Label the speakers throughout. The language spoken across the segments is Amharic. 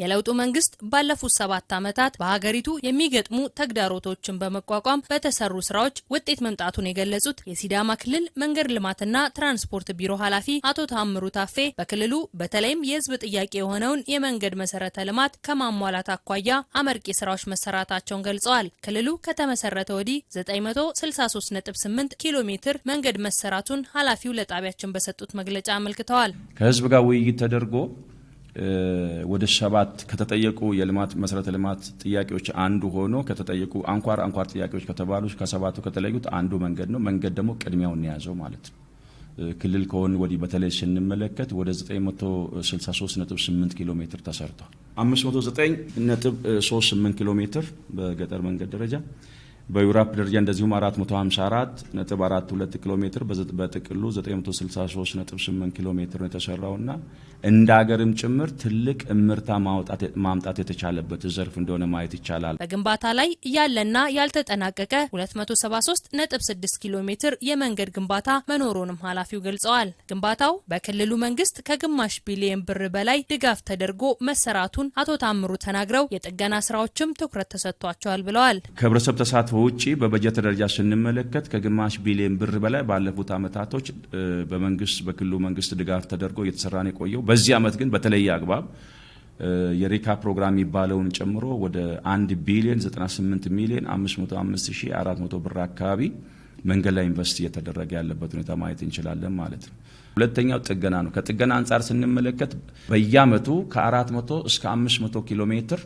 Speaker 1: የለውጡ መንግስት ባለፉት ሰባት ዓመታት በሀገሪቱ የሚገጥሙ ተግዳሮቶችን በመቋቋም በተሰሩ ስራዎች ውጤት መምጣቱን የገለጹት የሲዳማ ክልል መንገድ ልማትና ትራንስፖርት ቢሮ ኃላፊ አቶ ታምሩ ታፌ በክልሉ በተለይም የህዝብ ጥያቄ የሆነውን የመንገድ መሰረተ ልማት ከማሟላት አኳያ አመርቂ ስራዎች መሰራታቸውን ገልጸዋል። ክልሉ ከተመሰረተ ወዲህ 963.8 ኪሎ ሜትር መንገድ መሰራቱን ኃላፊው ለጣቢያችን በሰጡት መግለጫ አመልክተዋል።
Speaker 2: ከህዝብ ጋር ውይይት ተደርጎ ወደ ሰባት ከተጠየቁ የልማት መሰረተ ልማት ጥያቄዎች አንዱ ሆኖ ከተጠየቁ አንኳር አንኳር ጥያቄዎች ከተባሉ ከሰባቱ ከተለዩት አንዱ መንገድ ነው። መንገድ ደግሞ ቅድሚያውን የያዘው ማለት ነው። ክልል ከሆን ወዲህ በተለይ ስንመለከት ወደ 963.8 ኪሎ ሜትር ተሰርቷል። 509.38 ኪሎ ሜትር በገጠር መንገድ ደረጃ በዩራፕ ደረጃ እንደዚሁም 454 ነጥብ 42 ኪሎ ሜትር በጥቅሉ 963.8 ኪሎ ሜትር ነው የተሰራውና እንደ ሀገርም ጭምር ትልቅ እምርታ ማምጣት የተቻለበት ዘርፍ እንደሆነ ማየት ይቻላል።
Speaker 1: በግንባታ ላይ ያለና ያልተጠናቀቀ 273.6 ኪሎ ሜትር የመንገድ ግንባታ መኖሩንም ኃላፊው ገልጸዋል። ግንባታው በክልሉ መንግስት ከግማሽ ቢሊየን ብር በላይ ድጋፍ ተደርጎ መሰራቱን አቶ ታምሩ ተናግረው የጥገና ስራዎችም ትኩረት ተሰጥቷቸዋል ብለዋል።
Speaker 2: ከህብረተሰብ ተሳትፎ ከውጭ በበጀት ደረጃ ስንመለከት ከግማሽ ቢሊዮን ብር በላይ ባለፉት አመታቶች በመንግስት በክልሉ መንግስት ድጋፍ ተደርጎ እየተሰራ ነው የቆየው። በዚህ አመት ግን በተለየ አግባብ የሪካ ፕሮግራም የሚባለውን ጨምሮ ወደ 1 ቢሊዮን 98 ሚሊዮን 505400 ብር አካባቢ መንገድ ላይ ኢንቨስት እየተደረገ ያለበት ሁኔታ ማየት እንችላለን ማለት ነው። ሁለተኛው ጥገና ነው። ከጥገና አንጻር ስንመለከት በየአመቱ ከ400 እስከ 500 ኪሎ ሜትር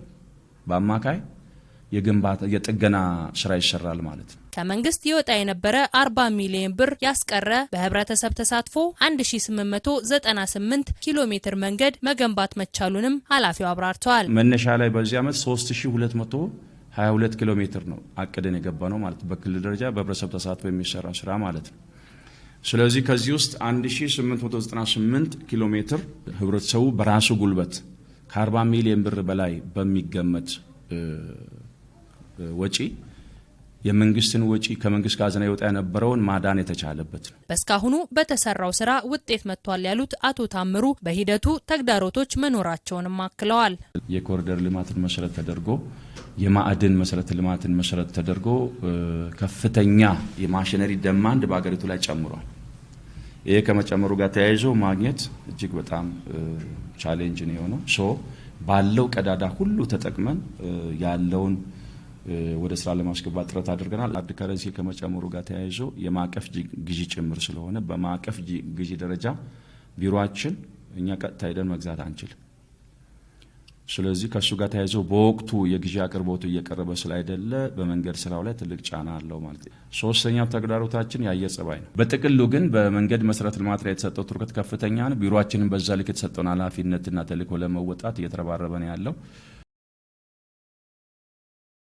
Speaker 2: በአማካይ የግንባታ የጥገና ስራ ይሰራል ማለት ነው።
Speaker 1: ከመንግስት ይወጣ የነበረ 40 ሚሊዮን ብር ያስቀረ በህብረተሰብ ተሳትፎ 1898 ኪሎ ሜትር መንገድ መገንባት መቻሉንም ኃላፊው አብራርተዋል።
Speaker 2: መነሻ ላይ በዚህ ዓመት 3222 ኪሎ ሜትር ነው አቅደን የገባ ነው ማለት በክልል ደረጃ በህብረተሰብ ተሳትፎ የሚሰራ ስራ ማለት ነው። ስለዚህ ከዚህ ውስጥ 1898 ኪሎ ሜትር ህብረተሰቡ በራሱ ጉልበት ከ40 ሚሊዮን ብር በላይ በሚገመት ወጪ የመንግስትን ወጪ ከመንግስት ካዝና የወጣ የነበረውን ማዳን የተቻለበት ነው።
Speaker 1: በእስካሁኑ በተሰራው ስራ ውጤት መጥቷል ያሉት አቶ ታምሩ በሂደቱ ተግዳሮቶች መኖራቸውንም አክለዋል።
Speaker 2: የኮሪደር ልማትን መሰረት ተደርጎ የማዕድን መሰረተ ልማትን መሰረት ተደርጎ ከፍተኛ የማሽነሪ ደማንድ በሀገሪቱ ላይ ጨምሯል። ይሄ ከመጨመሩ ጋር ተያይዞ ማግኘት እጅግ በጣም ቻሌንጅ ነው የሆነው ሶ ባለው ቀዳዳ ሁሉ ተጠቅመን ያለውን ወደ ስራ ለማስገባት ጥረት አድርገናል። ሃርድ ከረንሲ ከመጨመሩ ጋር ተያይዞ የማዕቀፍ ግዢ ጭምር ስለሆነ በማዕቀፍ ግዢ ደረጃ ቢሮችን እኛ ቀጥታ ሄደን መግዛት አንችልም። ስለዚህ ከእሱ ጋር ተያይዞ በወቅቱ የግዢ አቅርቦቱ እየቀረበ ስላይደለ በመንገድ ስራው ላይ ትልቅ ጫና አለው ማለት ነው። ሶስተኛው ተግዳሮታችን የአየር ጸባይ ነው። በጥቅሉ ግን በመንገድ መሰረተ ልማት ላይ የተሰጠው ትኩረት ከፍተኛ ነው። ቢሮችንም በዛ ልክ የተሰጠውን ኃላፊነትና ተልዕኮ ለመወጣት እየተረባረበ ነው ያለው።